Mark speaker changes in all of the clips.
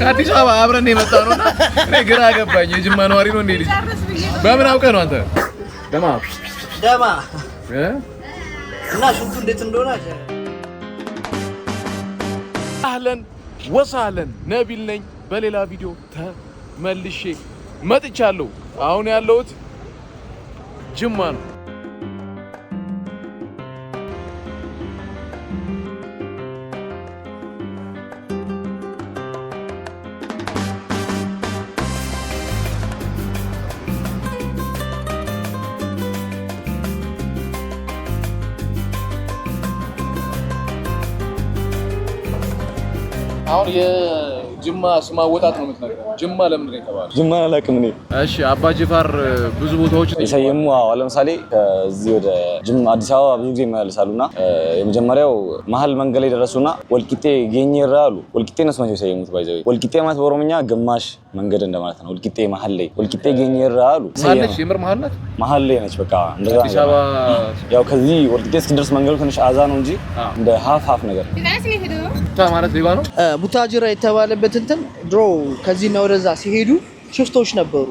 Speaker 1: ከአዲስ አበባ አብረን የመጣ ነው። እኔ ግራ ገባኝ። የጅማ ነዋሪ ነው እንዴ? ልጅ በምን አውቀህ ነው አንተ?
Speaker 2: ደማ
Speaker 3: ደማ እና ሽንቱ እንዴት እንደሆነ
Speaker 1: አህለን ወሳለን ነቢል ነኝ። በሌላ ቪዲዮ ተመልሼ መጥቻለሁ። አሁን ያለሁት ጅማ ነው። አሁን የጅማ ስም አወጣጥ ነው የምትነግረው። ጅማ ለምንድን ነው የተባለው?
Speaker 2: ጅማ አላውቅም እኔ።
Speaker 1: እሺ አባ ጅፋር ብዙ ቦታዎች
Speaker 2: የሰየሙ አዎ፣ ለምሳሌ ከዚህ ወደ ጅማ አዲስ አበባ ብዙ ጊዜ ይመላለሳሉ እና የመጀመሪያው መሀል መንገድ ላይ ደረሱና ወልቂጤ ጌኝራ አሉ። ወልቂጤ ነሱ ናቸው የሰየሙት። ባይዘ ወልቂጤ ማለት በኦሮምኛ ግማሽ መንገድ እንደማለት ነው። ወልቂጤ መሀል ላይ ወልቂጤ ገኝራ አሉ። መሀል ላይ ነች። በቃ ያው ከዚህ ወልቂጤ እስክደርስ መንገዱ ትንሽ አዛ ነው እንጂ እንደ ሀፍ ሀፍ ነገር
Speaker 3: ቡታጅራ የተባለበት እንትን ድሮ ከዚህና ወደዛ ሲሄዱ ሽፍቶች ነበሩ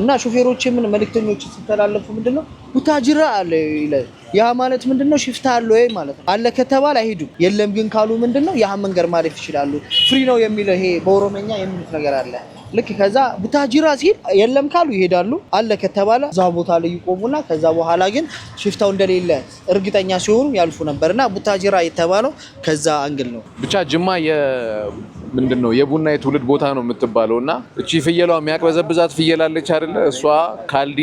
Speaker 3: እና ሾፌሮች የምን መልክተኞች ሲተላለፉ ምንድነው ቡታጅራ አለ ይለ ያ ማለት ምንድነው ሽፍታ አለ ወይ ማለት ነው። አለ ከተባለ አይሄዱም። የለም ግን ካሉ ምንድነው ያ መንገድ ማለፍ ይችላሉ። ፍሪ ነው የሚለው ይሄ በኦሮመኛ የሚሉት ነገር አለ ልክ ከዛ ቡታጅራ ሲሄድ የለም ካሉ ይሄዳሉ። አለ ከተባለ እዛ ቦታ ላይ ይቆሙና ከዛ በኋላ ግን ሽፍታው እንደሌለ እርግጠኛ ሲሆኑ ያልፉ ነበር እና ቡታጅራ የተባለው ከዛ አንግል ነው
Speaker 1: ብቻ ጅማ ምንድን ነው የቡና የትውልድ ቦታ ነው የምትባለው እና እቺ ፍየሏ የሚያቅበዘብዛት ፍየላለች አይደለ? እሷ ካልዲ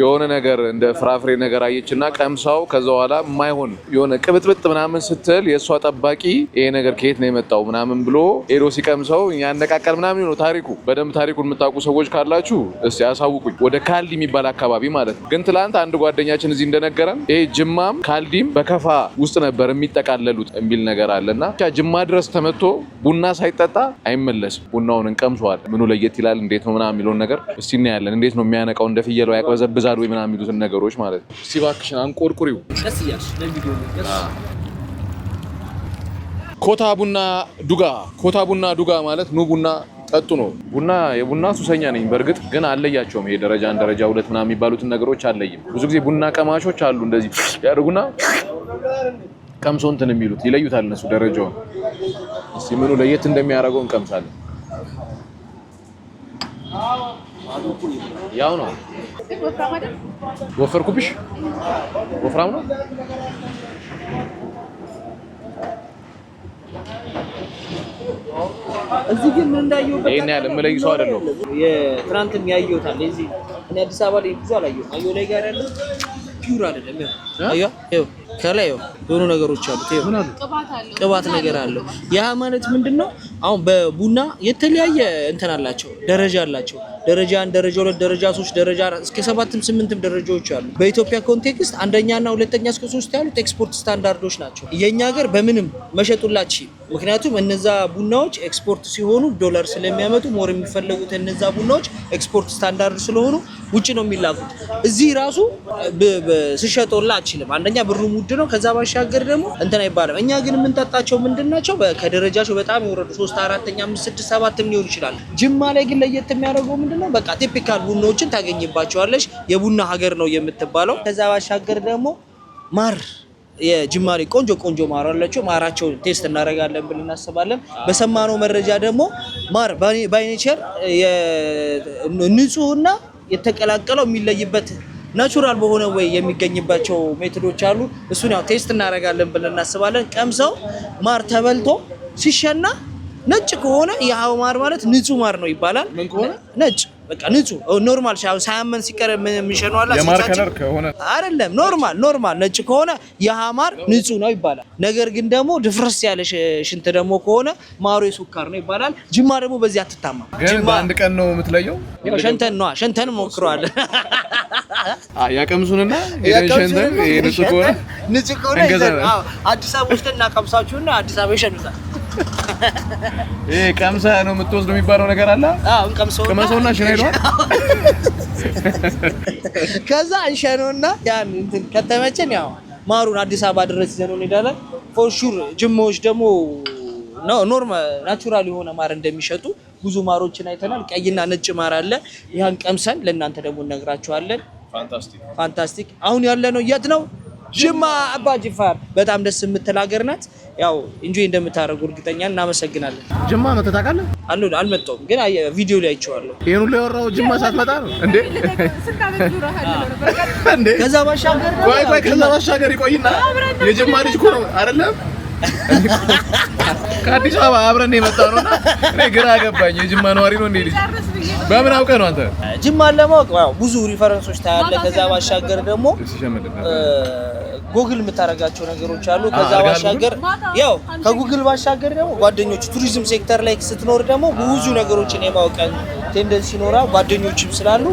Speaker 1: የሆነ ነገር እንደ ፍራፍሬ ነገር አየች እና ቀምሳው ከዛ በኋላ የማይሆን የሆነ ቅብጥብጥ ምናምን ስትል የእሷ ጠባቂ ይሄ ነገር ከየት ነው የመጣው ምናምን ብሎ ሄዶ ሲቀምሰው ያነቃቀል ምናምን ነው ታሪኩ። በደንብ ታሪኩን የምታውቁ ሰዎች ካላችሁ እስቲ ያሳውቁኝ። ወደ ካልዲ የሚባል አካባቢ ማለት ነው። ግን ትላንት አንድ ጓደኛችን እዚህ እንደነገረን ይሄ ጅማም ካልዲም በከፋ ውስጥ ነበር የሚጠቃለሉት የሚል ነገር አለ እና ጅማ ድረስ ተመቶ ቡና ሳይ ሳይጠጣ አይመለስም። ቡናውን እንቀምሰዋል። ምኑ ለየት ይላል፣ እንዴት ነው ምናምን የሚለውን ነገር እስቲ እናያለን። እንዴት ነው የሚያነቃው? እንደ ፍየለው ያቅበዘብዛል ወይ ምናምን የሚሉትን ነገሮች ማለት ነው። እስቲ እባክሽን አንቆርቁሪው። ኮታ ቡና ዱጋ፣ ኮታ ቡና ዱጋ ማለት ኑ ቡና ጠጡ ነው። ቡና የቡና ሱሰኛ ነኝ። በእርግጥ ግን አለያቸውም። ይሄ ደረጃን ደረጃ ሁለት ምናምን የሚባሉትን ነገሮች አለይም። ብዙ ጊዜ ቡና ቀማሾች አሉ እንደዚህ ያደርጉና ቀምሶ እንትን የሚሉት ይለዩታል እነሱ ደረጃውን እስቲ ምኑ ለየት እንደሚያደርገው እንቀምሳለን። ያው ነው። ወፈርኩብሽ? ወፍራም ነው።
Speaker 3: እዚህ ግን ምን እንዳየሁበት
Speaker 1: ይሄን ያለ የምለይ ሰው አይደለሁም።
Speaker 3: የትናንትም ያየሁት እዚህ እኔ አዲስ አበባ ላይ ብዙ አላየሁም። አየሁ ላይ ጋር ያለው ፒውር አይደለም። ያው ከላይ የሆኑ ነገሮች አሉት። ቅባት ነገር አለው። ያ ማለት ምንድን ነው? አሁን በቡና የተለያየ እንትን አላቸው፣ ደረጃ አላቸው። ደረጃ አንድ፣ ደረጃ ሁለት፣ ደረጃ ሶስት፣ ደረጃ እስከ ሰባትም ስምንትም ደረጃዎች አሉ። በኢትዮጵያ ኮንቴክስት አንደኛና ሁለተኛ እስከ ሶስት ያሉት ኤክስፖርት ስታንዳርዶች ናቸው። የእኛ ሀገር በምንም መሸጡላች ምክንያቱም እነዛ ቡናዎች ኤክስፖርት ሲሆኑ ዶላር ስለሚያመጡ ሞር የሚፈለጉት እነዛ ቡናዎች ኤክስፖርት ስታንዳርድ ስለሆኑ ውጭ ነው የሚላኩት። እዚህ ራሱ ስሸጦላ አችልም። አንደኛ ብሩም ውድ ነው። ከዛ ባሻገር ደግሞ እንትን አይባልም። እኛ ግን የምንጠጣቸው ምንድን ናቸው? ከደረጃቸው በጣም የወረዱ ሶስት አራተኛ አምስት ስድስት ሰባትም ሊሆን ይችላል። ጅማ ላይ ግን ለየት የሚያደርገው ምንድነው በቃ ቲፒካል ቡናዎችን ታገኝባቸዋለሽ። የቡና ሀገር ነው የምትባለው። ከዛ ባሻገር ደግሞ ማር የጅማ ላይ ቆንጆ ቆንጆ ማር አላቸው። ቴስት እናደርጋለን ብለን እናስባለን። በሰማነው መረጃ ደግሞ ማር ባይኔቸር ንጹህና የተቀላቀለው የሚለይበት ናቹራል በሆነ ወይ የሚገኝባቸው ሜቶዶች አሉ። እሱን ያው ቴስት እናደርጋለን ብለን እናስባለን። ቀምሰው ማር ተበልቶ ሲሸና ነጭ ከሆነ የሀው ማር ማለት ንጹህ ማር ነው ይባላል። ነጭ በቃ ንጹህ ኖርማል ሻው ሳያመን ሲቀር የሚሸኗላ አይደለም። ኖርማል ኖርማል ነጭ ከሆነ የሀው ማር ንጹህ ነው ይባላል። ነገር ግን ደግሞ ድፍረስ ያለ ሽንት ደግሞ ከሆነ ማሩ የሱካር ነው ይባላል። ጅማ ደግሞ በዚህ አትታማ።
Speaker 1: ግን በአንድ ቀን ነው የምትለየው።
Speaker 3: ሸንተን ነዋ፣ ሸንተን ሞክረዋል።
Speaker 1: ያቀምሱንና ንጹህ
Speaker 3: ከሆነ አዲስ አበባ ውስጥ እናቀምሳችሁና አዲስ አበባ ይሸኑታል።
Speaker 1: ይሄ ቀምሰ ነው የምትወስደው የሚባለው ነገር አለ። አዎ ቀምሰውና ሽና
Speaker 3: ከዛ እንሸነውና ያን እንትን ከተመቸን ያው ማሩን አዲስ አበባ ድረስ ይዘነው እንሄዳለን። ፎር ሹር ጅማዎች ደግሞ ኖርማል ናቹራል የሆነ ማር እንደሚሸጡ ብዙ ማሮችን አይተናል። ቀይና ነጭ ማር አለ። ያን ቀምሰን ለእናንተ ደግሞ እነግራችኋለን። ፋንታስቲክ ፋንታስቲክ። አሁን ያለ ነው የት ነው? ጅማ አባ ጅፋር በጣም ደስ የምትል ሀገር ናት። ያው እንጆይ እንደምታደርጉ እርግጠኛ እናመሰግናለን።
Speaker 1: ጅማ መተህ ታውቃለህ?
Speaker 3: አልመጣሁም፣ ግን ቪዲዮ ላይ አይቼዋለሁ።
Speaker 1: ይሄን ሁሉ ያወራው ጅማ ሳትመጣ ነው እንዴ? ከዛ ባሻገር ቆይ ቆይ፣ ከዛ ባሻገር ይቆይና የጅማ ልጅ እኮ ነው አይደለም ከአዲስ አበባ አብረን የመጣ ነው እና እኔ ግራ ገባኝ። የጅማ ነዋሪ ነው እንዴ? ልጅ በምን አውቀህ ነው አንተ?
Speaker 3: ጅማን ለማወቅ ብዙ ሪፈረንሶች ታያለህ። ከዛ ባሻገር ደግሞ ጎግል የምታደርጋቸው ነገሮች አሉ። ከዛ ባሻገር ያው ከጉግል ባሻገር ደግሞ ጓደኞች ቱሪዝም ሴክተር ላይ ስትኖር ደግሞ ብዙ ነገሮችን የማወቅ ቴንደንስ ይኖራል። ጓደኞችም ስላሉ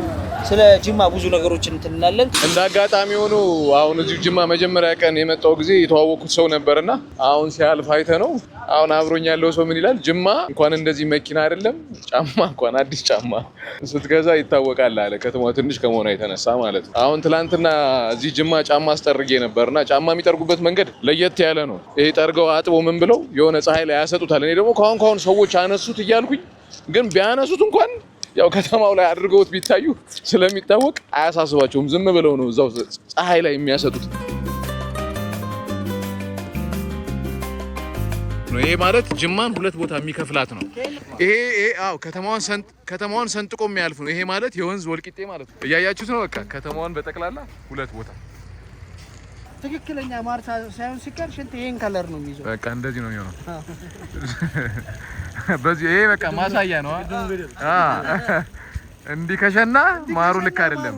Speaker 3: ስለ ጅማ ብዙ ነገሮች እንትን
Speaker 1: እንደ አጋጣሚ ሆኖ አሁን እዚሁ ጅማ መጀመሪያ ቀን የመጣው ጊዜ የተዋወቁት ሰው ነበርና አሁን ሲያልፍ አይተ ነው። አሁን አብሮኝ ያለው ሰው ምን ይላል? ጅማ እንኳን እንደዚህ መኪና አይደለም ጫማ እንኳን አዲስ ጫማ ስትገዛ ይታወቃል አለ። ከተማ ትንሽ ከመሆኗ የተነሳ ማለት ነው። አሁን ትላንትና እዚህ ጅማ ጫማ አስጠርጌ ነበርና ጫማ የሚጠርጉበት መንገድ ለየት ያለ ነው። ይሄ ጠርገው አጥቦ ምን ብለው የሆነ ፀሐይ ላይ ያሰጡታል። እኔ ደግሞ ከአሁን ካሁን ሰዎች አነሱት እያልኩኝ ግን ቢያነሱት እንኳን ያው ከተማው ላይ አድርገውት ቢታዩ ስለሚታወቅ አያሳስባቸውም። ዝም ብለው ነው እዛው ፀሐይ ላይ የሚያሰጡት። ይሄ ማለት ጅማን ሁለት ቦታ የሚከፍላት ነው። ይሄ አዎ ከተማዋን ሰንጥቆ የሚያልፍ ነው። ይሄ ማለት የወንዝ ወልቂጤ ማለት ነው። እያያችሁት ነው። በቃ ከተማዋን በጠቅላላ ሁለት ቦታ
Speaker 3: ትክክለኛ ማርሳ ሳይሆን ሲቀር ሽንት ይሄን ከለር ነው
Speaker 1: የሚይዘው። በቃ እንደዚህ ነው የሚሆነው። በዚህ ይሄ በቃ ማሳያ ነው። እንዲህ ከሸና ማሩ ልክ አይደለም።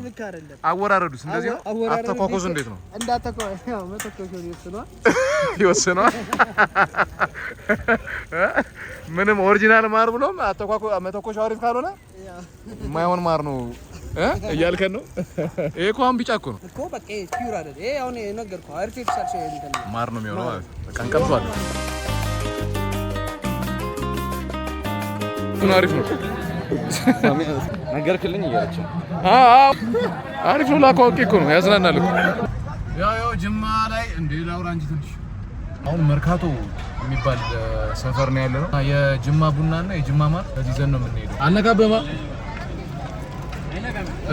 Speaker 1: አወራረዱስ እንደዚህ ነው። አተኳኮሱ እንዴት ነው? ይወስነዋል። ምንም ኦሪጂናል ማር ብሎም መተኮሻ አሪፍ ካልሆነ የማይሆን ማር ነው እያልከን ነው? ይሄ እኮ አሁን ቢጫ እኮ ነው
Speaker 3: እኮ በቃ ፒውር አይደል? ይሄ አሁን ነገርኩህ አርቲፊሻል
Speaker 1: ማር ነው የሚሆነው። በቃ እንቀምሰዋለን። አሪፍ ነው
Speaker 2: ነገርክልኝ እያለች
Speaker 1: አሪፍ ነው። ላኳ እኮ ነው ያዝናናል እኮ ያው ያው ጅማ ላይ እንደ ላውራ እንጂ ትንሽ አሁን መርካቶ የሚባል ሰፈር ነው ያለ ነው። የጅማ ቡና እና የጅማ ማር ከዚህ ዘን ነው የምንሄደው። አነጋበማ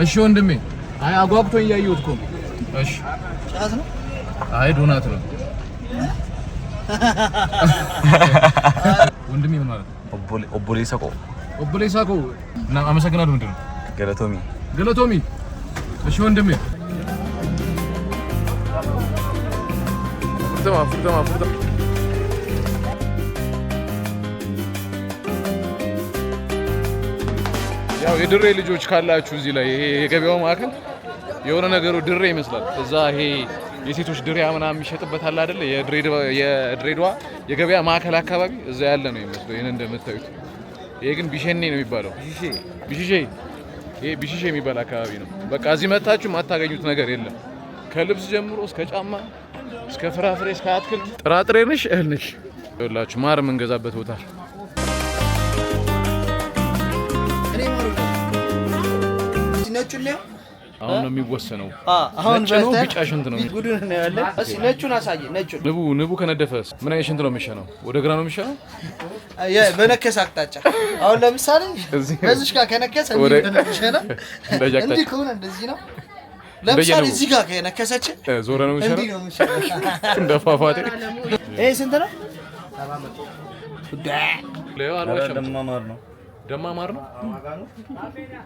Speaker 1: እሺ ወንድሜ። አይ አጓብቶ እያየሁት እኮ ነው። እሺ ጫት ነው? አይ ዶናት ነው ወንድሜ። ምን ማለት ነው?
Speaker 2: ኦቦሌ ኦቦሌ ሰቆ
Speaker 1: ኦቦሌ ሰቆ እና አመሰግናለሁ። ምንድን ነው ገለቶሚ ገለቶሚ። እሺ ወንድሜ። ፍርተማ ፍርተማ ፍርተማ ያው የድሬ ልጆች ካላችሁ እዚህ ላይ ይሄ የገበያው ማዕከል የሆነ ነገሩ ድሬ ይመስላል። እዛ ይሄ የሴቶች ድሪያ ምናምን የሚሸጥበት አለ አይደለ? የድሬዳዋ የገበያ ማዕከል አካባቢ እዛ ያለ ነው ይመስለው። ይህን እንደምታዩት ይሄ ግን ቢሸኔ ነው የሚባለው። ቢሽሼ ይሄ ቢሽሼ የሚባል አካባቢ ነው። በቃ እዚህ መታችሁ የማታገኙት ነገር የለም። ከልብስ ጀምሮ እስከ ጫማ፣ እስከ ፍራፍሬ፣ እስከ አትክልት ጥራጥሬ ነሽ እህል ነሽ ሁላችሁ ማር የምንገዛበት ቦታ ነጩን ነው አሁን ነው የሚወሰነው። አሁን ነው ቢጫ ሽንት ነው ጉዱን
Speaker 3: ነው ያለ። እስኪ ነጩን አሳየ። ነጩን
Speaker 1: ንቡ ንቡ ከነደፈስ ምን አይነት ሽንት ነው የሚሸነው? ወደ ግራ ነው የሚሸነው
Speaker 3: በነከሰ አቅጣጫ። አሁን ለምሳሌ በዚህ ጋር ከነከሰ እንዲህ ከሆነ እንደዚህ ነው። ለምሳሌ እዚህ ጋር ከነከሰች
Speaker 1: ዞረ ነው የሚሸነው እንደ ፏፏቴ። ይሄ ስንት ነው? ደማ ማር ነው።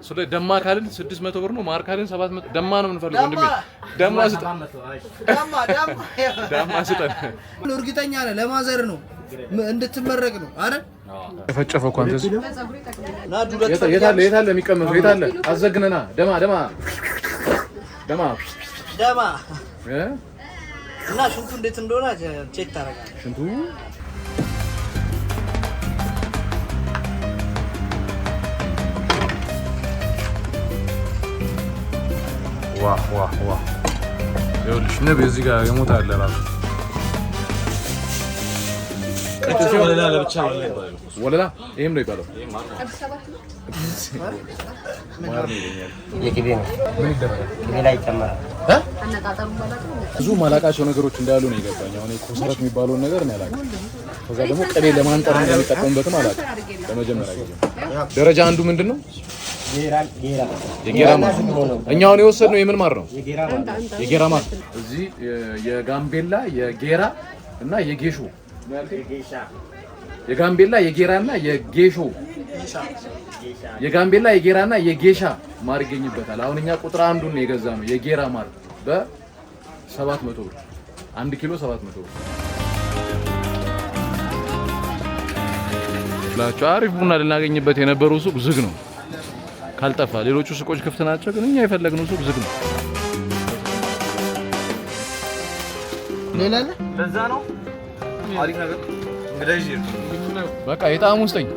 Speaker 1: ስለ ደማ ካልን 600 ብር ነው። ማር ካልን 700 ደማ ነው የምንፈልገው። ወንድሜ ደማ ስጠን፣ ደማ ስጠን።
Speaker 3: እርግጠኛ ነህ ለማዘር ነው እንድትመረቅ ነው አይደል?
Speaker 1: ጨፈጨፈ እኮ አንተ እዚህ የታለ የታለ የሚቀመሰው የታለ? አዘግነና ደማ ደማ ደማ
Speaker 3: ደማ እና ሽንቱ እንዴት እንደሆነ ቼክ ታደርጋለህ።
Speaker 1: ሽንቱ ይኸውልሽ በዚህ ጋር የሞት አለ ራሱ ወለላ ይሄም ነው ይባለው። ብዙ ማላቃቸው ነገሮች እንዳሉ ነው የገባኝ። አሁን ኮሰረት የሚባለውን ነገር ነው ያላቀ። ከዛ ደግሞ ቅቤ ለማንጠር እንደሚጠቀሙበትም አላቀ። ለመጀመሪያ ጊዜ ደረጃ አንዱ ምንድን ነው
Speaker 3: የጌራ
Speaker 1: ማር እኛውን የወሰድነው የምን ማር ነው? የጌራ ማር እዚህ የጋምቤላ የጌራ እና የጌሾ የጋምቤላ የጌራና የጌሾ የጋምቤላ የጌራና የጌሻ ማር ይገኝበታል። አሁን እኛ ቁጥር አንዱን የገዛ ነው የጌራ ማር በ700 ብር አንድ ኪሎ 700 ብር ላችሁ። አሪፍ ቡና ልናገኝበት የነበረው ሱቅ ዝግ ነው። ካልጠፋ። ሌሎቹ ሱቆች ክፍት ናቸው፣ ግን እኛ የፈለግነው ሱቅ ዝግ ነው። ሌላ ለዛ ነው አሪፍ ነገር እንግዲህ በቃ የጣም ውስጠኝ